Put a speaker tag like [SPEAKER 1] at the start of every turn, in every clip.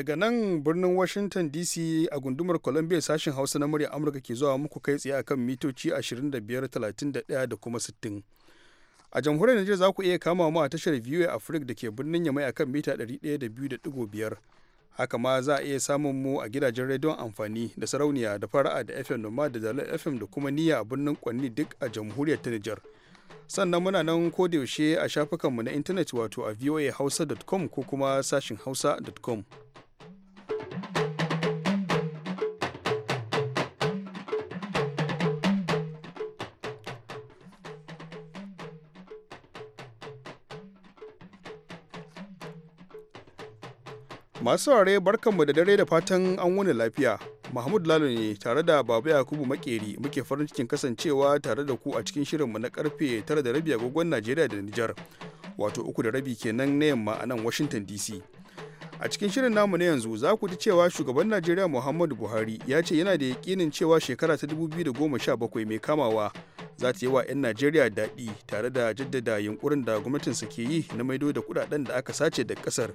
[SPEAKER 1] daga nan birnin washington dc a gundumar columbia sashen hausa na murya amurka ke zuwa muku kai tsaye akan mitoci 25 31 da kuma 60 a jamhuriyar Najeriya za ku iya kama mu a tashar VOA Africa da ke birnin Yamai akan mita 102.5. Haka ma za a iya samun mu a gidajen rediyon amfani da sarauniya da fara'a da FM Noma da Dalar FM da kuma niyya a birnin Kwanni duk a jamhuriyar ta Nijar. Sannan muna nan ko da yaushe a shafukanmu na intanet wato a voahausa.com ko kuma sashin hausa.com. Masu saurare barkanmu da dare da fatan an wani lafiya. Mahmud Lalo ne tare da babu Yakubu Makeri muke farin cikin kasancewa tare da ku a cikin shirinmu na karfe 9 da rabi agogon Najeriya da Nijar. Wato uku da rabi kenan na yamma a nan Washington DC. A cikin shirin namu na yanzu za ku ji cewa shugaban Najeriya Muhammadu Buhari ya ce yana da yakinin cewa shekara ta 2017 mai kamawa za ta yi wa 'yan Najeriya daɗi tare da jaddada yunkurin da gwamnatinsa ke yi na maido da kuɗaɗen da aka sace da ƙasar.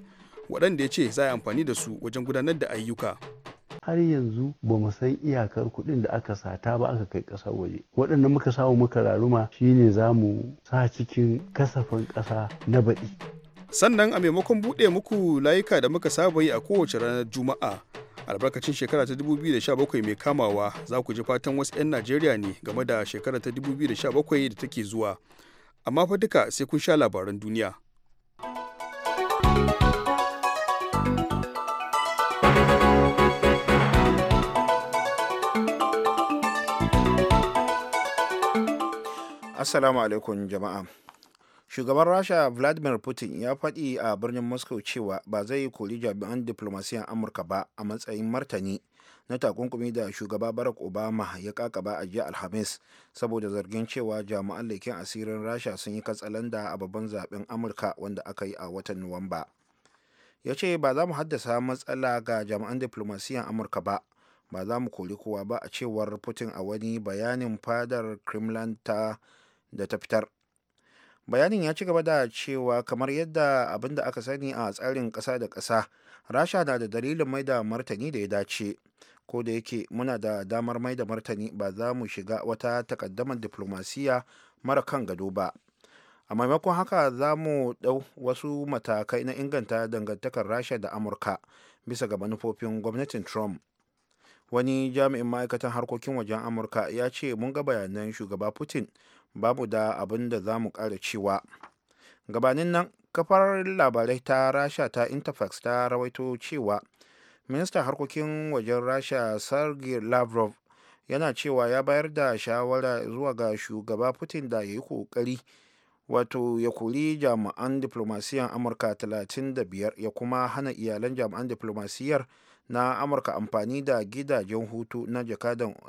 [SPEAKER 1] waɗanda ya ce za a amfani da su wajen gudanar da ayyuka
[SPEAKER 2] har yanzu ba mu san iyakar kuɗin da aka sata ba aka kai ƙasar waje waɗanda muka samu muka raruma shine za mu sa cikin kasafin ƙasa na baɗi
[SPEAKER 1] sannan a maimakon buɗe muku layuka da muka saba yi a kowace ranar juma'a albarkacin shekara ta 2017 mai kamawa za ku ji fatan wasu 'yan najeriya ne game da shekara ta 2017 da take zuwa amma fa duka sai kun sha labaran duniya
[SPEAKER 3] assalamu alaikum jama'a shugaban rasha vladimir putin ya faɗi a birnin moscow cewa ba zai koli jami'an diplomasiyan amurka ba a matsayin martani na takunkumi da shugaba barack obama ya kakaba a jiya alhamis saboda zargin cewa jami'an leken asirin rasha sun yi katsalanda a babban zaben amurka wanda aka yi a watan nuwamba ya ce ba za mu haddasa matsala ga jami'an diplomasiyan amurka ba ba za mu kori kowa ba a cewar putin a wani bayanin fadar kremlin ta da ta fitar bayanin ya ci gaba da cewa kamar yadda abin da aka sani a tsarin ƙasa da ƙasa rasha na da dalilin mai da martani da ya dace ko da yake muna da damar mai da martani ba za mu shiga wata takaddamar diplomasiya mara kan gado ba a maimakon haka za mu ɗau wasu matakai na inganta dangantakar rasha da amurka bisa ga manufofin gwamnatin trump wani jami'in ma'aikatan harkokin wajen amurka ya ce mun ga bayanan shugaba putin babu da abin da za mu ƙara cewa gabanin nan kafar labarai ta rasha ta interfax ta rawaito cewa ministan harkokin wajen rasha sergei lavrov yana cewa ya bayar da shawara zuwa ga shugaba putin da ya yi kokari wato ya kuri jami'an diplomasiyan amurka 35 ya kuma hana iyalan jami'an diplomasiyar na amurka amfani da gidajen hutu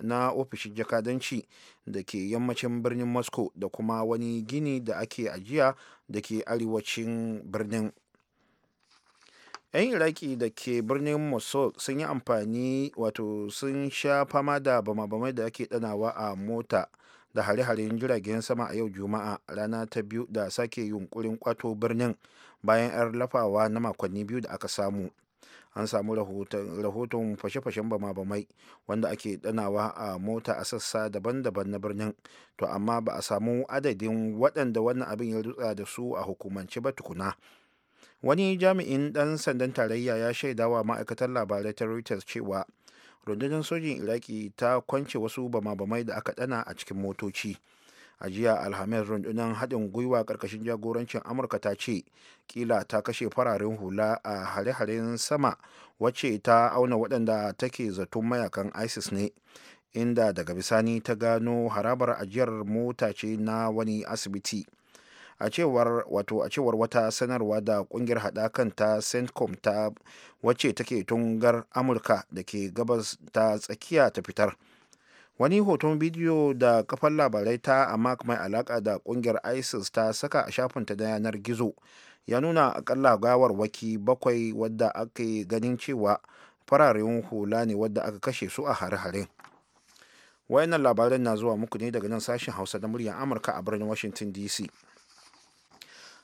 [SPEAKER 3] na, ofishin jakadanci da ke yammacin birnin moscow da kuma wani gini da ake ajiya da ke arewacin birnin 'yan iraki da ke birnin mosul sun yi amfani wato sun sha fama da bama-bamai da ake danawa a mota da hare-haren jiragen sama a yau juma'a rana ta biyu da sake yunkurin kwato birnin bayan 'yar lafawa na makonni biyu da aka samu an samu rahoton fashe-fashen bama-bamai wanda ake danawa a mota a sassa daban-daban na birnin to amma ba a samu adadin waɗanda wannan abin ya rutsa da su a hukumance ba tukuna wani jami'in ɗan sandan tarayya ya shaidawa ma'aikatar labarai ta reuters cewa rundunar sojin iraki ta kwance wasu bama-bamai da aka dana a cikin motoci. a jiya alhamis rundunar haɗin gwiwa ƙarƙashin jagorancin amurka ta ce ƙila ta kashe fararen hula a hare-haren sama wacce ta auna waɗanda take zaton mayakan isis ne inda daga bisani ta gano harabar ajiyar mota ce na wani asibiti a cewar wato a cewar wata sanarwa da kungiyar haɗakan ta centcom ta wacce take tungar amurka da ke gabas ta tsakiya ta fitar wani hoton bidiyo da kafar labarai ta amak mai alaka da kungiyar isis ta saka a shafinta da yanar gizo ya nuna akalla waki bakwai wadda ake ganin cewa fararen hula ne wadda aka kashe su a hare-hare wayannan labaran na zuwa muku ne daga nan sashen hausa da muryar amurka a birnin washington dc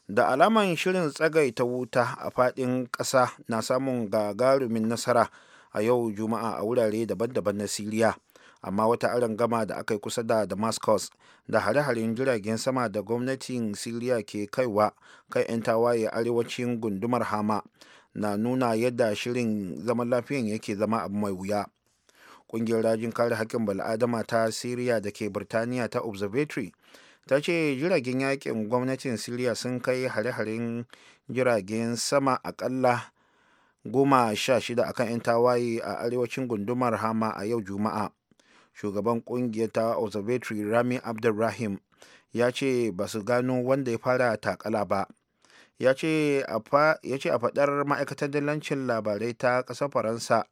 [SPEAKER 3] da alaman shirin tsagaita wuta a fadin kasa na samun gagarumin nasara a yau juma'a a wurare daban-daban na siriya amma wata gama da aka yi kusa da damascus da hare-haren jiragen sama da gwamnatin syria ke kaiwa kai 'yan tawaye arewacin gundumar hama na nuna yadda shirin zaman lafiyan yake zama abu mai wuya ƙungiyar rajin kare haƙƙin bal'adama ta syria da ke birtaniya ta observatory ta ce jiragen yakin gwamnatin syria sun kai hare-haren jiragen sama akalla goma sha shida akan 'yan tawaye a arewacin gundumar hama a yau juma'a shugaban kungiyar ta observatory rami abdulrahim ya ce ba su gano wanda ya fara takala ba ya ce a faɗar ma'aikatar dillancin labarai ta ƙasar faransa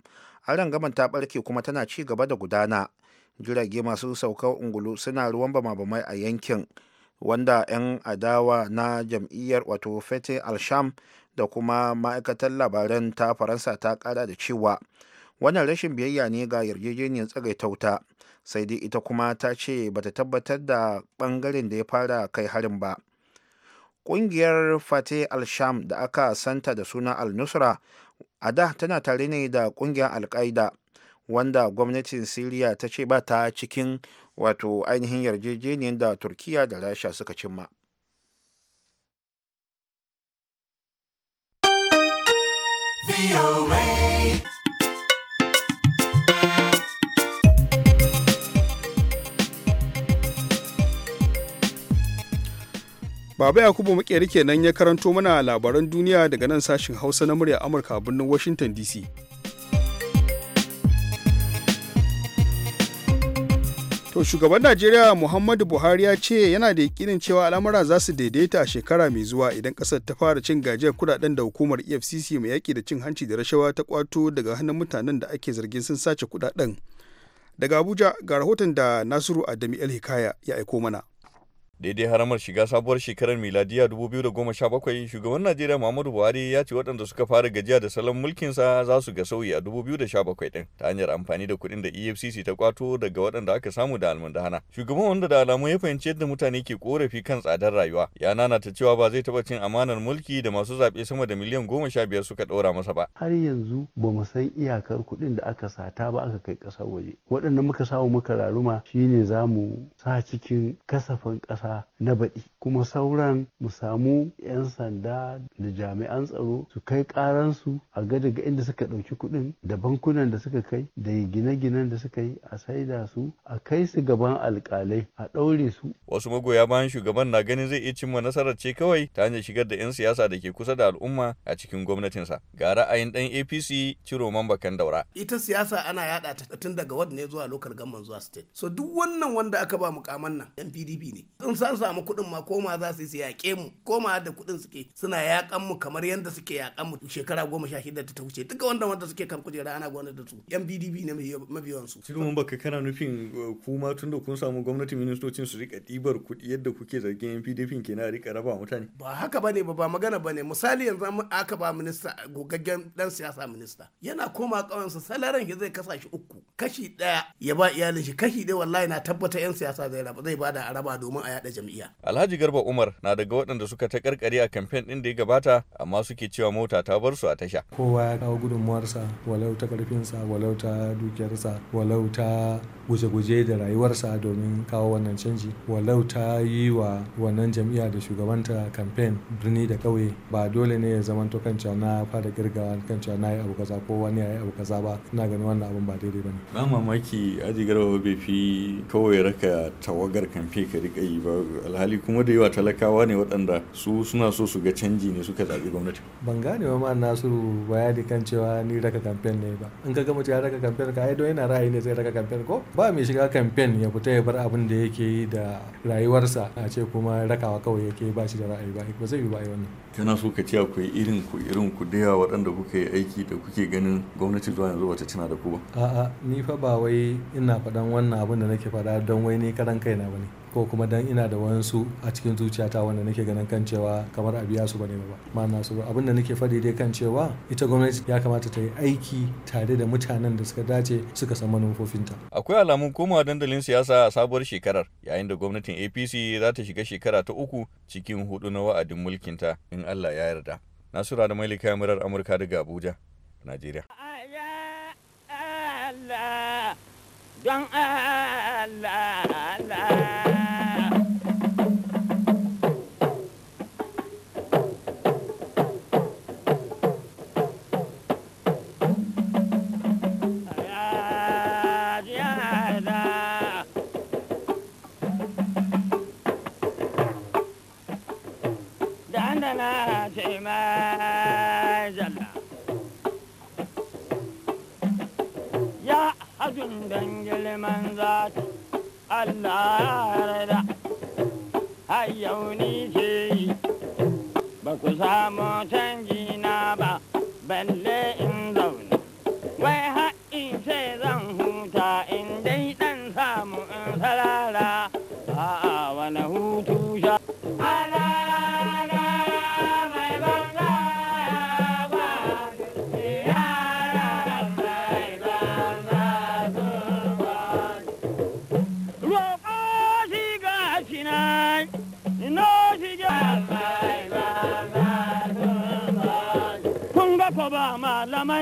[SPEAKER 3] an gaman ta ɓarke kuma tana ci gaba da gudana jirage masu saukar ungulu suna ruwan bama-bamai a yankin wanda 'yan adawa na jam'iyyar wato fete alsham da kuma ma'aikatar labaran ta faransa ta ƙara da cewa wannan rashin biyayya ne ga yarjejeniyar tsagaitauta sai dai ita kuma ta ce ba ta tabbatar da bangaren da ya fara kai harin ba ƙungiyar fate al-sham da aka santa da suna al-nusra a da tana tare ne da ƙungiyar al wanda gwamnatin siriya ta ce ba ta cikin wato ainihin yarjejeniyar da turkiya da rasha suka cimma
[SPEAKER 4] VOA.
[SPEAKER 1] Baba Yakubu Makeri kenan ya karanto mana labaran duniya daga nan sashin Hausa na murya Amurka a birnin Washington DC. To shugaban Najeriya Muhammadu Buhari ya ce yana da yakinin cewa al'amura za su daidaita a shekara mai zuwa idan kasar ta fara cin gajiyar kudaden da hukumar EFCC mai yaki da cin hanci da rashawa ta kwato daga hannun mutanen da ake zargin sun sace kudaden. Daga Abuja ga rahoton da Nasiru Adami El
[SPEAKER 5] Hikaya ya aiko mana. daidai haramar shiga sabuwar shekarar miladiya 2017 shugaban najeriya muhammadu buhari ya ce waɗanda suka fara gajiya da salon mulkinsa za su ga sauyi a 2017 din ta hanyar amfani da kuɗin da efcc ta kwato daga waɗanda aka samu da almundahana shugaban wanda da alamu ya fahimci yadda mutane ke korafi kan tsadar rayuwa ya nanata cewa ba zai taɓa cin amanar mulki da masu zaɓe sama da miliyan goma sha biyar suka ɗaura masa ba
[SPEAKER 2] har yanzu ba mu san iyakar kuɗin da aka sata ba aka kai ƙasar waje waɗanda muka samu muka raruma shine za mu sa cikin kasafin ƙasa ƙasa na baɗi kuma sauran mu samu 'yan sanda da jami'an tsaro su kai karansu a ga inda suka ɗauki kuɗin da bankunan da suka kai da gine-ginen da suka yi a saida su a kai su gaban alƙalai
[SPEAKER 5] a ɗaure su. Wasu magoya bayan shugaban na ganin zai iya cimma nasarar ce kawai ta hanyar shigar da 'yan siyasa da ke kusa da al'umma a cikin gwamnatinsa. Ga ra'ayin ɗan APC Ciroman Bakan Daura.
[SPEAKER 2] Ita siyasa ana yaɗa ta tun daga ward ne zuwa lokal gamman zuwa state. So duk wannan wanda aka ba mukaman nan 'yan PDP ne. In san samu kuɗin ma koma za su yi yaƙe mu koma da kuɗin suke suna yaƙan mu kamar yadda suke yaƙan mu shekara goma sha shida ta wuce duka wanda wanda suke kan kujera ana gwamnati da su yan PDP ne mabiyan
[SPEAKER 5] su. Silimin baka kana nufin eh, kuma da kun samu gwamnati ministocin su rika ɗibar kuɗi yadda kuke zargin yan PDP na rika raba mutane.
[SPEAKER 2] Ba haka ne ba ba magana ba ne misali yanzu aka ba minista gogaggen dan siyasa minista yana koma ƙawansa salaran shi zai kasa shi uku kashi ɗaya ya ba iyalin shi kashi ɗaya wallahi na tabbata yan siyasa zai raba zai bada a raba domin a yaɗa jam'iyya.
[SPEAKER 5] Alhaji Garba Umar na daga waɗanda suka ta karkare a kamfen ɗin da ya gabata amma suke cewa mota ta bar su a tasha.
[SPEAKER 6] Kowa ya kawo gudunmuwarsa walau ta ƙarfinsa walau ta dukiyarsa walau ta guje-guje da rayuwarsa domin kawo wannan canji walau ta yi wa wannan jam'iyya da shugabanta kamfen birni da ƙauye ba dole ne ya zama kan cewa na fara kirgawa kan cewa na yi abu kaza ko wani ya yi abu kaza ba ina ganin wannan abun ba daidai ba ne.
[SPEAKER 5] Ba mamaki Aji Garba bai fi kawai raka tawagar kamfe ka riƙa yi ba alhali kuma da yawa talakawa ne waɗanda su suna so su ga canji
[SPEAKER 6] ne suka zaɓi gwamnati ban gane wa ma'an nasiru bayani kan cewa ni raka kamfen ne ba in ka gama ya raka kamfen ka ai don yana ra'ayi ne zai raka kamfen ko ba mai shiga kamfen ya fita ya bar abin da yake yi da rayuwarsa a ce kuma rakawa kawai yake ba shi da ra'ayi ba ba zai yi ba wannan
[SPEAKER 5] kana so ka ce akwai irin ku irin ku da yawa waɗanda kuka yi aiki da kuke ganin gwamnati zuwa yanzu wata cina da ku ba
[SPEAKER 6] a'a ni fa ba wai ina faɗan wannan abin da nake faɗa don wai ni karan kaina bane ko kuma dan ina da wayansu a cikin zuciyata wanda nake ganin kan cewa kamar a biya su bane ba ma'ana su ba abin da nake faɗi dai kan cewa ita gwamnati ya kamata ta yi aiki tare da mutanen da suka dace suka san manufofinta
[SPEAKER 5] akwai alamun komawa dandalin siyasa a sabuwar shekarar yayin da gwamnatin APC za ta shiga shekara ta uku cikin hudu na wa'adin mulkinta in Allah ya yarda Nasura da Mailika Murar Amurka daga Abuja Najeriya don Allah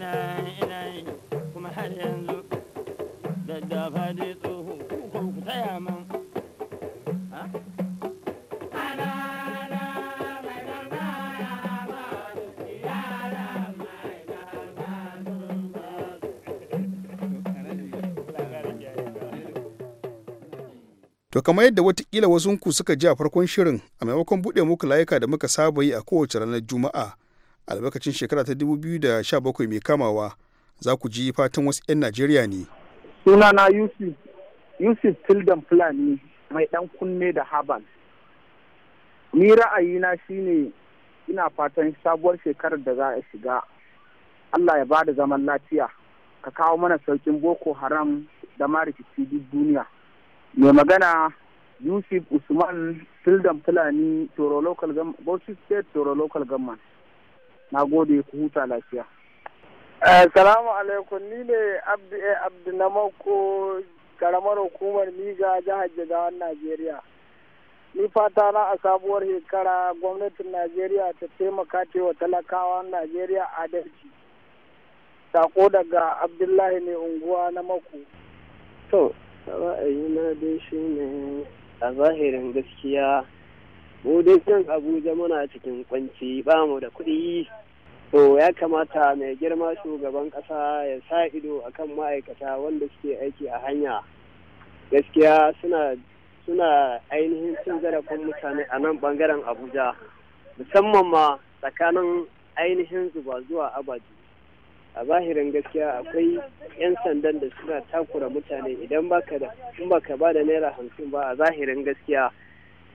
[SPEAKER 2] To
[SPEAKER 1] kamar yadda watakila wasunku suka ji a farkon shirin a maimakon buɗe muku layuka da muka saba yi a kowace ranar Juma'a albarkacin shekara ta 2017 mai kamawa za ku ji fatan wasu 'yan najeriya ne
[SPEAKER 7] sunana yusuf yusuf tildan fulani mai dan kunne da habal ni ra'ayina shine ina fatan sabuwar shekarar da za a shiga allah ya bada zaman lafiya ka kawo mana saukin boko haram da ma rikici duk duniya mai magana yusuf usman tildan fulani toro local government state toro local government na gode ku huta lafiya Assalamu eh, alaikum ni ne Abdi eh, Abdi na karamar hukumar Miga jihar Jigawan Najeriya. Ni fata na a sabuwar shekara gwamnatin Najeriya ta taimaka ce wa talakawan Najeriya adalci. Sako daga Abdullahi ne unguwa na Mako. To, na dai shi ne
[SPEAKER 2] a zahirin gaskiya mu dai Abuja muna cikin kwanci ba mu da kuɗi so ya kamata mai girma shugaban kasa ya sa ido akan ma'aikata wanda suke aiki a hanya gaskiya suna suna ainihin cin zarafin mutane a nan bangaren abuja
[SPEAKER 7] musamman ma
[SPEAKER 2] tsakanin ainihin zuba zuwa abaji a zahirin gaskiya akwai 'yan sandan da suna takura mutane idan baka da in baka ba da naira hamsin ba a zahirin gaskiya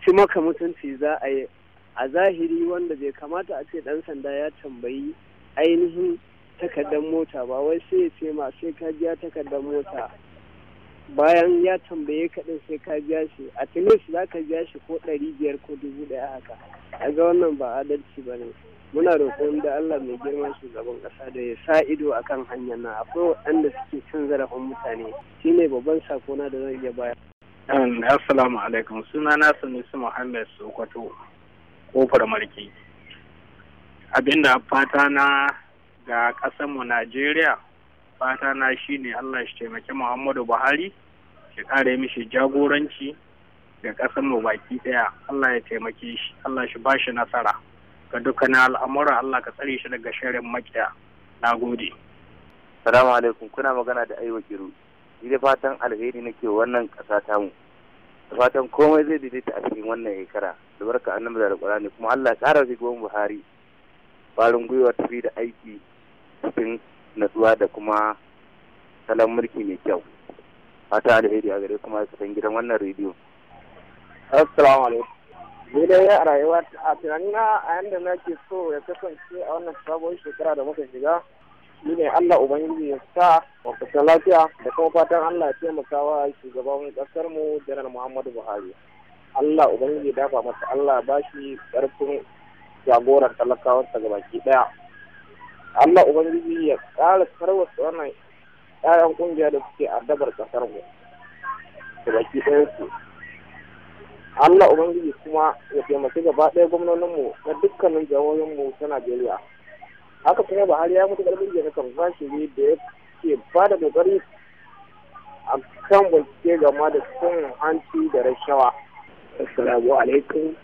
[SPEAKER 2] shi maka mutunci za a yi a zahiri wanda bai kamata a ce dan sanda ya tambayi ainihin takardar mota ba wai sai ya ce ma sai ka biya takardar mota bayan ya tambaye ka din sai ka biya shi a tilis za ka biya shi ko ɗari biyar ko dubu ɗaya haka a ga wannan ba adalci ba ne
[SPEAKER 4] muna roƙon da
[SPEAKER 2] Allah mai girman shugaban ƙasa da ya sa ido a kan hanyar na akwai waɗanda suke cin zarafin mutane Shi ne babban sakona da zan iya baya.
[SPEAKER 7] Assalamu
[SPEAKER 2] alaikum suna na Sanusi Muhammad Sokoto.
[SPEAKER 7] kofar mulki
[SPEAKER 2] abinda fata na ga ƙasarmu najeriya fata na shine allah shi taimaki muhammadu buhari shi ƙara mishi jagoranci ga ƙasarmu baki ɗaya allah ya taimake shi allah shi ba nasara ga dukkanin al'amura allah
[SPEAKER 7] ka tsare shi daga sharin makiya na gode salamu alaikum kuna magana da aiwa kiru ni da fatan alheri nake wannan ƙasa mu. fatan komai zai daidaita a cikin wannan shekara da barka annabi da alƙur'ani kuma Allah ya ƙara shi gwamnati Buhari farin gwiwa tafi da aiki cikin natsuwa da kuma salon mulki mai kyau fata alheri a gare kuma su gidan wannan rediyo assalamu alaikum ni dai a rayuwa a tunanina a yanda nake so ya kasance a wannan sabon shekara da muka shiga shi ne Allah Ubangiji ya sa mafisa lafiya da kuma fatan Allah ya taimaka wa shugaban kasar mu Janar Muhammadu Buhari. Allah Ubangiji ya dafa masa Allah ba shi ƙarfin jagoran talakawarsa ga baki ɗaya. Allah Ubangiji ya ƙara sarwasa wannan ƴaƴan ƙungiya da suke addabar kasar mu ga baki ɗaya su. Allah Ubangiji kuma ya taimaki gaba ɗaya gwamnoninmu na dukkanin jihohinmu ta Najeriya. haka kuma buhari ya mutu karfin jere kan bashi ne da ya ke ba da dogari a kan bincike game da sun hanci da rashawa assalamu alaikum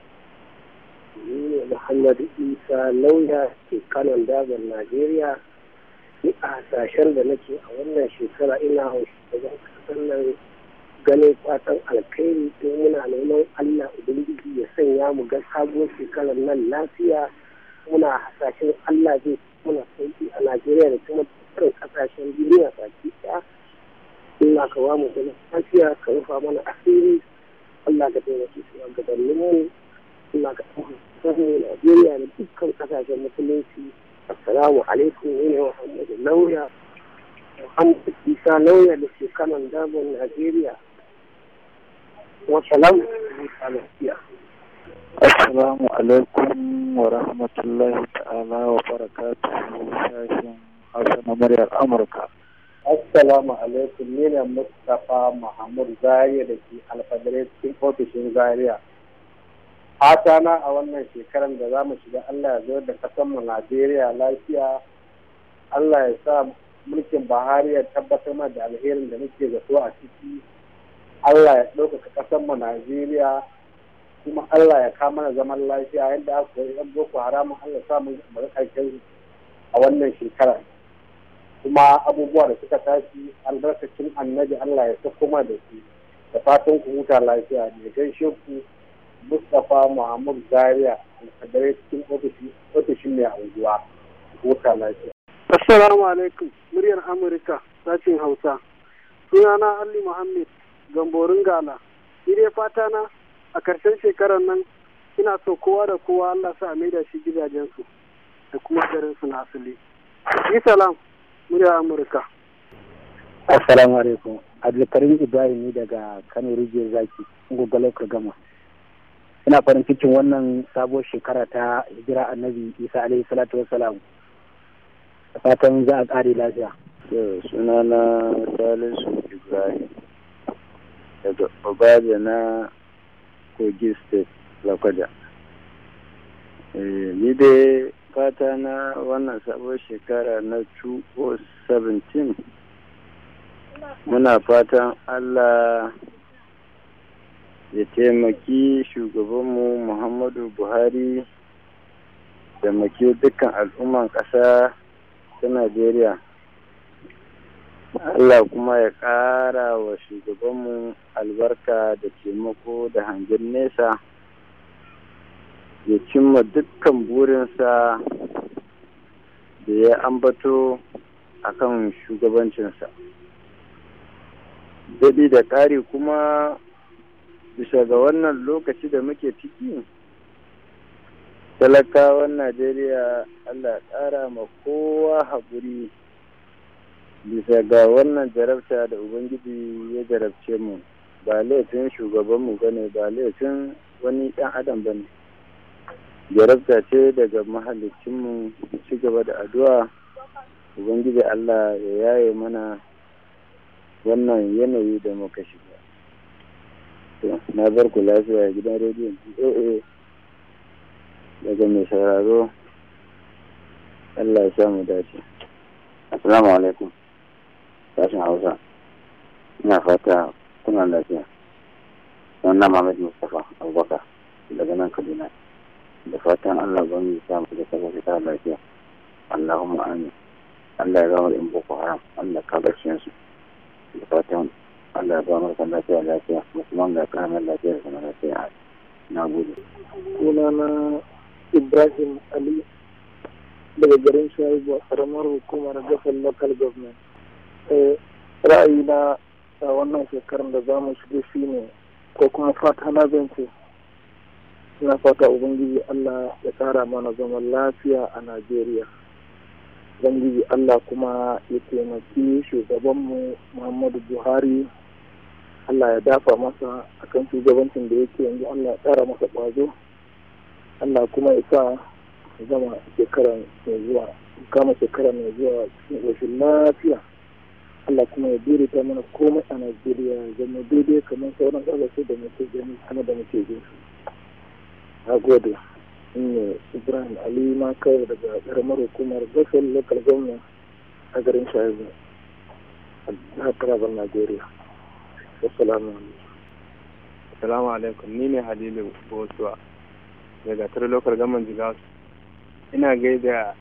[SPEAKER 7] ni ne muhammad isa lauya ke kanon dagar najeriya ni a hasashen da nake a wannan shekara ina haushi daga kasar nan ganin fatan alkhairi to muna neman allah ubangiji ya sanya mu ga sabuwar shekarar nan lafiya muna hasashen allah zai muna sauki a najeriya da kuma dukkan kasashen duniya baki daya Allah ka ba mu da lafiya ka rufa mana asiri Allah ka taimaki su ga dalilin mu Allah ka taimaki mu Najeriya da dukkan kasashen musulunci assalamu alaikum ne Muhammadu Lauya Muhammadu Isa Lauya da shekaran damar Najeriya wasalam a lafiya. Assalamu alaikum wa rahmatullahi ta'ala wa barakatu shashin Hausa na muryar Amurka. Assalamu alaikum ni ne Mustapha Muhammad Zaria da ke alfadarai cikin ofishin Zariya. Hatana a wannan shekarar da za mu shiga Allah ya zo da kasanmu Najeriya lafiya. Allah ya sa mulkin Buhari ya tabbatar mana da alherin da muke zato a ciki. Allah ya ɗaukaka kasanmu Najeriya. kuma Allah ya kama na zaman lafiya yadda aka yi yan boko haramun Allah samu kamar karshen a wannan shekara kuma abubuwa da suka tashi albarkacin annabi Allah ya sako ma da su da fatan ku huta lafiya ne gaishe ku Mustapha Muhammad Zaria alkadare cikin ofishin mai unguwa huta lafiya. Assalamu alaikum muryar Amurka sashen Hausa sunana Ali Muhammad Gamborin Gala. Ire fata
[SPEAKER 2] na a ƙarshen shekarar nan ina so kowa da kowa Allah sa mai da shi gidajensu da kuma garin su na asali yi salam murya amurka
[SPEAKER 7] assalamu alaikum abdulkarim ibrahim ne daga kano rijiyar zaki gogalo gama ina farin cikin wannan sabuwar shekara ta hijira annabi isa alaihi salatu wassalam fatan za a ƙare lafiya sunana salisu ibrahim daga na. kogi state lakwaja eh, ni dai fata na wannan sabon shekara na 2017 muna fatan allah ya taimaki shugabanmu muhammadu buhari da maki dukkan al'umman ƙasa ta najeriya Allah kuma ya ƙara wa shugabanmu albarka da taimako da hangen nesa ya cimma dukkan burinsa da ya ambato a kan shugabancinsa. Daɗi da ƙari kuma bisa ga wannan lokaci da muke ciki talakawan Najeriya Allah ƙara ma kowa haƙuri. bisa ga wannan jarabta da ubangiji ya jarabce mu ba laifin shugabanmu ba ne ba laifin wani ɗan adam ba ne jarabta ce daga mahalicinmu ci gaba da addu'a ubangiji allah ya yaye mana wannan yanayi da muka shiga na bar ku lafiya gidan rediyon aa daga mai sauraro allah ya mu dace assalamu alaikum sashen hausa ina fata kuna lafiya sunana Muhammad Mustapha Abubakar daga nan Kaduna da fatan Allah ban yi samu da sabo ta lafiya Allahumma amin Allah ya ba mu in boko haram Allah ka gaskiyar su da fatan Allah ya ba mu kan lafiya lafiya musamman ga karamar lafiya da lafiya a na gudu. gode na Ibrahim Ali daga garin Shaibu a karamar hukumar gafan local government Eh, ra'ayi na wannan shekarar da za mu shige shi ko kuma fata na zance na fata ubangiji allah ya tsara mana zaman lafiya a najeriya ubangiji allah kuma ya taimaki shugabanmu muhammadu buhari allah ya dafa masa akan shugabancin da yake yanzu allah ya kara masa ƙwazo allah kuma ya sa zama shekara mai zuwa kama shekara mai zuwa cikin ƙoshin lafiya Allah kuma ya biri ta mana komai a Najeriya ya zama daidai kamar sauran ƙasashe da muke gani kuma da muke gani. Na gode. ne Ibrahim Ali kai daga ƙaramar hukumar Gafel Local Government a garin Shahizu a Tarabar Najeriya. Assalamu alaikum. Assalamu alaikum. Ni ne Halilu Bosuwa daga Tare Local Government Jigawa. Ina gaida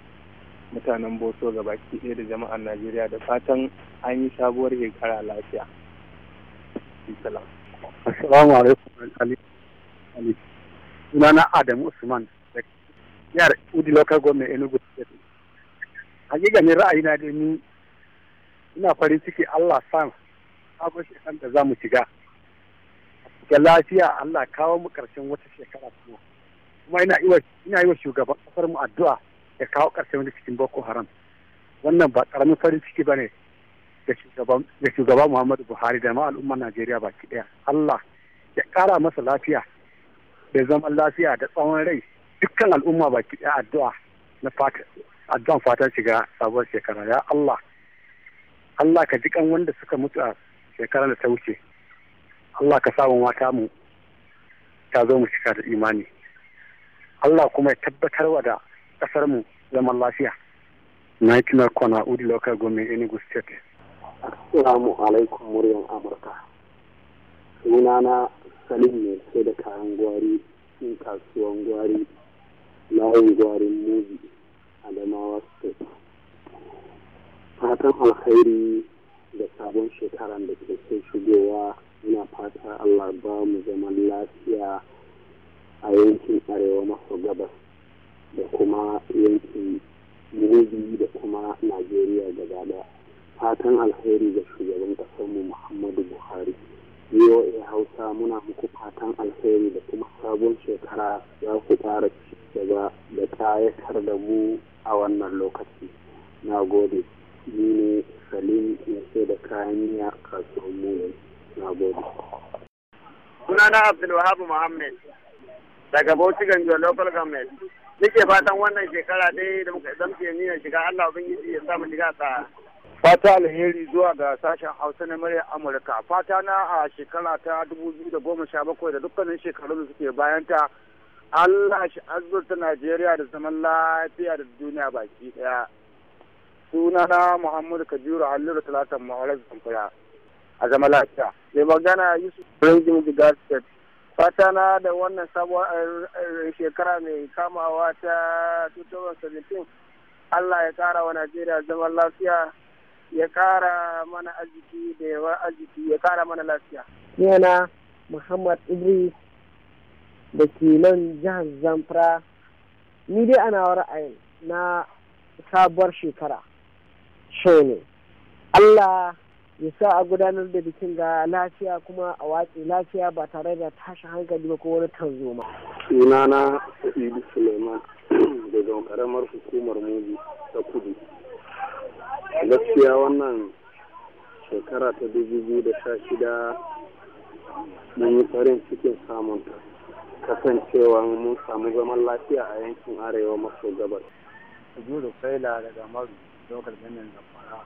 [SPEAKER 7] mutanen Boso gabaki ɗaya da jama'ar Najeriya da fatan an yi sabuwar shekara lafiya. Assalamu alaikum Ali. Sunana Adamu Usman yar Udi Local Government Enugu State. Hakika ne ra'ayi na dai ni ina farin ciki Allah san sabon shekaran da za mu shiga. Ga lafiya Allah kawo mu karshen wata shekara kuma. Kuma ina yi ina wa shugaban kasar mu addu'a ya kawo karshen cikin Boko Haram. Wannan ba karamin farin ciki bane. da shugaba Muhammadu Buhari da ma al'ummar Najeriya baki daya. Allah ya kara masa lafiya da zaman lafiya da tsawon rai dukkan al'umma baki daya addu'a na fata addu'an fata shiga sabuwar shekara ya Allah Allah ka jikan wanda suka mutu a shekarar da ta wuce Allah ka samu mata mu ta zo mu cika da imani Allah kuma ya tabbatar wa da kasar mu zaman lafiya na yi kinar kwana udi local government enugu state Assalamu alaikum muryan Amurka. Suna na Salim ne sai da kayan gwari sun kasuwan gwari layin gwarin muzi Damawa State. Fatan alkhairi da sabon shekaran da ke sai shigowa ina fata Allah ba mu zaman lafiya a yankin arewa maso gabas da kuma yankin muzi da kuma Najeriya gaba daya. fatan alheri ga shugaban mu muhammadu buhari voa hausa muna muku fatan alheri da kuma sabon shekara za ku ƙara ci gaba da kayatar da mu a wannan lokaci na gode ni ne salim yase da kayan miya kasuwar mu na gode sunana abdulwahab
[SPEAKER 2] muhammad daga bauchi ganjo local government nake fatan wannan shekara
[SPEAKER 7] dai da muka zamce niyyar shiga allah ubangiji ya samu shiga ta fata alheri zuwa ga sashen hausa na murya amurka fata na a shekara ta 2017 da dukkanin shekarun da suke bayanta allah shi azurta najeriya da zaman lafiya da duniya baki daya Suna na muhammadu kabiru halliru talatan ma'aurar zamfara a zama lafiya mai magana yusuf rangin jigar gasket. fata na da wannan sabuwar eh, eh, shekara mai kamawa ta 2017 allah ya kara wa najeriya zaman lafiya ya kara mana arziki da yawa arziki ya kara mana lafiya yana muhammad idris
[SPEAKER 2] da ke nan jihar zamfara ni dai ana ra'ayin na sabuwar shekara shi ne allah ya sa a gudanar da bikin ga lafiya kuma a watsi lafiya ba tare da tashi
[SPEAKER 7] hankali ba ko wani Suna sunana sa'idu suleiman daga karamar hukumar muji ta kudu gaskiya wannan shekara ta da sha shida mun yi farin cikin samun kasancewa mun samu zaman lafiya a yankin arewa maso gabas. Juru Faila daga Maru, lokal ganin Zamfara.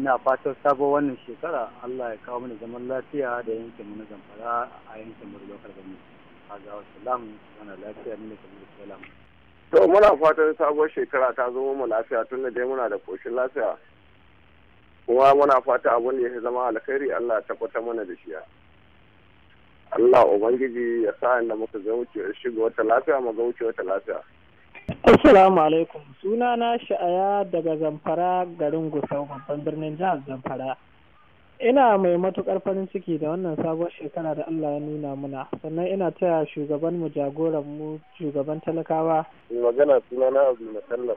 [SPEAKER 7] Ina fatan sabon wannan shekara Allah ya kawo mana zaman lafiya da yankin mu na Zamfara a yankin mu A ganin. wasu lamu, salam, lafiya ne da kuma to muna fatan sabuwar shekara ta zo mu lafiya tun da dai muna da koshin lafiya kuma muna fata abin da ya zama alkhairi Allah ya tabbata mana da shi Allah ubangiji ya sa inda muka ga wuce shiga wata lafiya mu ga wuce wata lafiya Assalamu alaikum
[SPEAKER 2] sunana Sha'aya daga Zamfara garin Gusau babban birnin jihar Zamfara Ina mai matukar farin ciki da wannan sabon shekara da Allah ya nuna muna, sannan ina taya shugaban mu jagoran mu shugaban talakawa.
[SPEAKER 7] Mai magana suna na abu musallam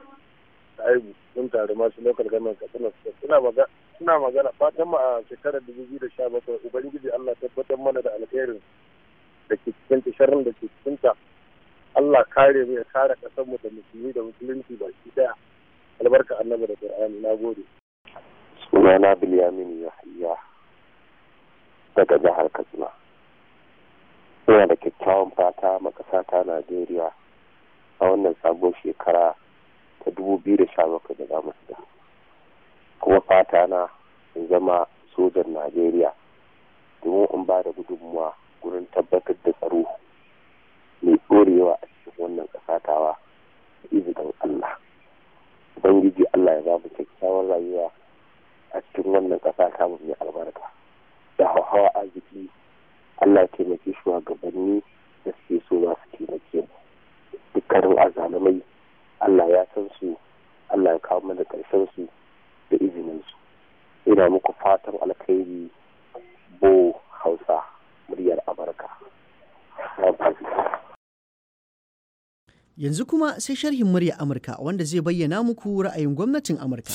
[SPEAKER 7] da aibu sun tare masu lokal gamin katsina suna magana suna magana fatan mu a shekarar 2017 ubangiji Allah tabbatar mana da alkhairin da ke cikin tasharin da ke cikin ta Allah kare mu ya kare kasar mu da musulmi da musulunci baki daya albarka annabi da qur'ani nagode sunana bilyamin yahya hajiya daga jihar katsina ina da kyakkyawan fata ma ƙasa ta najeriya a wannan sabon shekara ta 2017 da za mu shiga kuma fata na in zama sojan najeriya domin in ba da gudunmuwa gurin tabbatar da tsaro mai ɗorewa a cikin wannan ƙasa tawa izinin allah ubangiji allah ya ba mu kyakkyawan rayuwa a cikin wannan ƙasa ta mu albarka da hauhawa a arziki Allah ya taimaki shuwagabanni da suke so za su taimake mu dukkanin azalumai Allah ya san su Allah ya kawo mana ƙarshen su da izinin su ina muku fatan alkhairi bo hausa muryar amurka
[SPEAKER 4] yanzu kuma sai sharhin murya amurka wanda zai bayyana muku ra'ayin gwamnatin amurka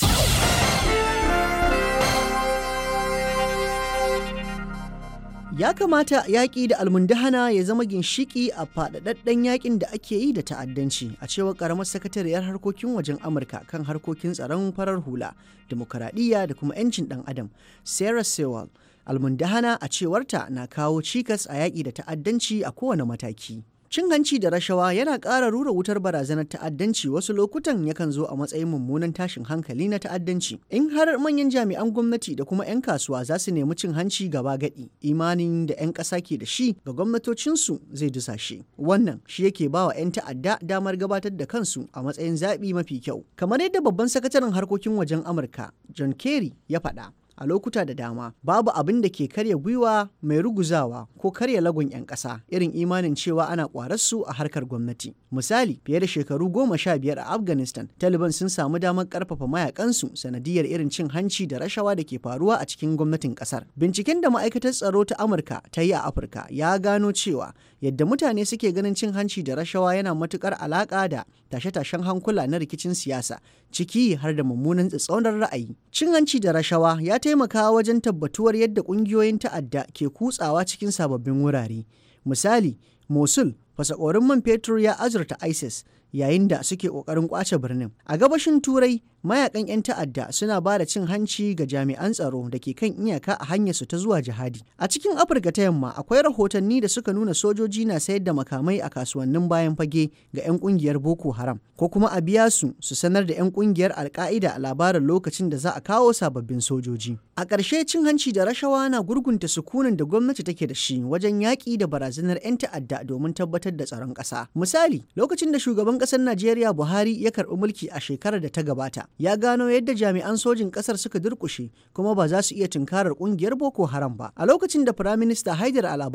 [SPEAKER 4] Ya kamata yaƙi da almundahana ya zama ginshiƙi a faɗaɗɗen yaƙin da ake yi da ta'addanci a cewar ƙaramar sakatariyar harkokin wajen Amurka kan harkokin tsaron farar hula, dimokuraɗiyya da kuma 'yancin ɗan adam, Sarah Sewell. Almundahana a cewarta na kawo cikas a yaƙi da ta'addanci a kowane mataki. Cin hanci da rashawa yana ƙara rura wutar barazanar ta'addanci wasu lokutan yakan zo a matsayin mummunan tashin hankali na ta'addanci. In har manyan jami'an gwamnati da kuma 'yan kasuwa za su nemi cin hanci gaba gadi, imanin da 'yan ƙasa ke da shi ga gwamnatocinsu zai dusashe. Wannan shi yake ba wa 'yan ta'adda damar gabatar da kansu a matsayin zaɓi mafi kyau. Kamar yadda babban sakataren harkokin wajen Amurka, John Kerry ya faɗa. a lokuta da dama babu abin da ke karya gwiwa mai ruguzawa ko karya lagun 'yan ƙasa irin imanin cewa ana ƙwararsu a harkar gwamnati misali fiye da shekaru goma sha biyar a afghanistan taliban sun samu damar ƙarfafa mayakansu sanadiyar irin cin hanci da rashawa da ke faruwa a cikin gwamnatin ƙasar binciken da ma'aikatar tsaro ta amurka ta yi a afirka ya gano cewa yadda mutane suke ganin cin hanci da rashawa yana matukar alaƙa da tashe-tashen hankula na rikicin siyasa ciki har da mummunan tsatsaunar ra'ayi cin hanci da rashawa ya ta taimaka wajen tabbatuwar yadda ƙungiyoyin ta'adda ke kutsawa cikin sababbin wurare. Misali, Mosul, fasakorin man fetur ya azurta ISIS yayin da suke ƙoƙarin kwace birnin. A gabashin Turai, mayakan 'yan ta'adda suna ba da cin hanci ga jami'an tsaro da ke kan iyaka a hanyarsu ta zuwa jihadi a cikin afirka ta yamma akwai rahotanni da suka nuna sojoji na sayar da makamai a kasuwannin bayan fage ga 'yan kungiyar boko haram ko kuma a biya su su sanar da 'yan kungiyar alka'ida a labarin lokacin da za a kawo sababbin sojoji a ƙarshe cin hanci da rashawa na gurgunta sukunin da gwamnati take da shi wajen yaƙi da barazanar 'yan ta'adda domin tabbatar da tsaron ƙasa misali lokacin da shugaban ƙasar najeriya buhari ya karɓi mulki a shekarar da ta gabata ya gano yadda jami'an sojin kasar suka durkushe kuma ba za su iya tunkarar kungiyar boko haram ba a lokacin da firaminista haidar al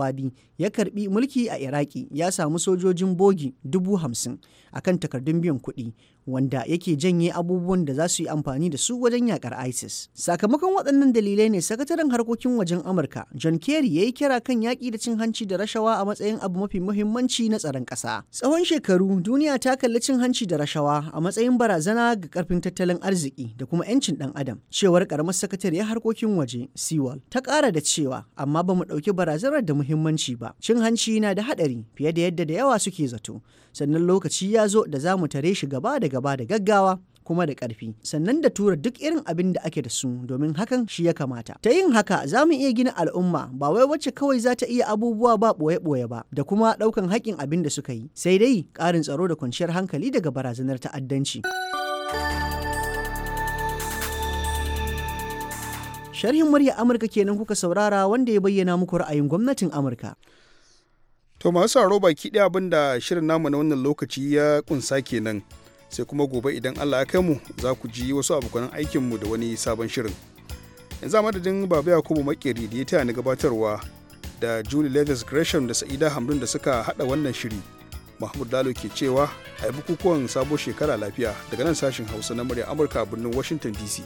[SPEAKER 4] ya karbi mulki a iraki ya samu sojojin bogi dubu hamsin akan takardun biyan kuɗi wanda yake janye abubuwan da za su yi amfani da su wajen yakar isis sakamakon waɗannan dalilai ne sakataren harkokin wajen amurka john kerry ya yi kira kan yaƙi da cin hanci da rashawa a matsayin abu mafi muhimmanci na tsaron ƙasa tsawon shekaru duniya ta kalli cin hanci da rashawa a matsayin barazana ga ƙarfin tattalin arziki da kuma 'yancin ɗan adam cewar ƙaramar sakatare harkokin waje sewall ta ƙara da cewa amma ba mu ɗauki barazanar da muhimmanci ba cin hanci na da haɗari fiye da yadda da yawa suke zato sannan lokaci ya zo da za mu tare shi gaba daga gaba da gaggawa kuma da ƙarfi sannan da tura duk irin abin da ake da su domin hakan shi ya kamata ta yin haka za mu iya gina al'umma ba wai wacce kawai za ta iya abubuwa ba ɓoye boye ba da kuma ɗaukan haƙƙin abin da suka yi sai dai ƙarin tsaro da kwanciyar hankali daga barazanar ta'addanci. Sharhin murya Amurka kenan kuka saurara wanda ya bayyana muku ra'ayin gwamnatin Amurka. To
[SPEAKER 1] masu sauraro baki ɗaya abin da shirin namu na wannan lokaci ya kunsa kenan. sai kuma gobe idan allah ya kai mu za ku ji wasu abokanan aikinmu da wani sabon shirin yanzu madadin baba yakubu makeri da ya taya ni gabatarwa da julie leathers gresham da sa'ida hamdun da suka hada wannan shiri mahmud lalo ke cewa a yi bukukuwan sabo shekara lafiya daga nan sashen hausa na murya amurka a birnin washington dc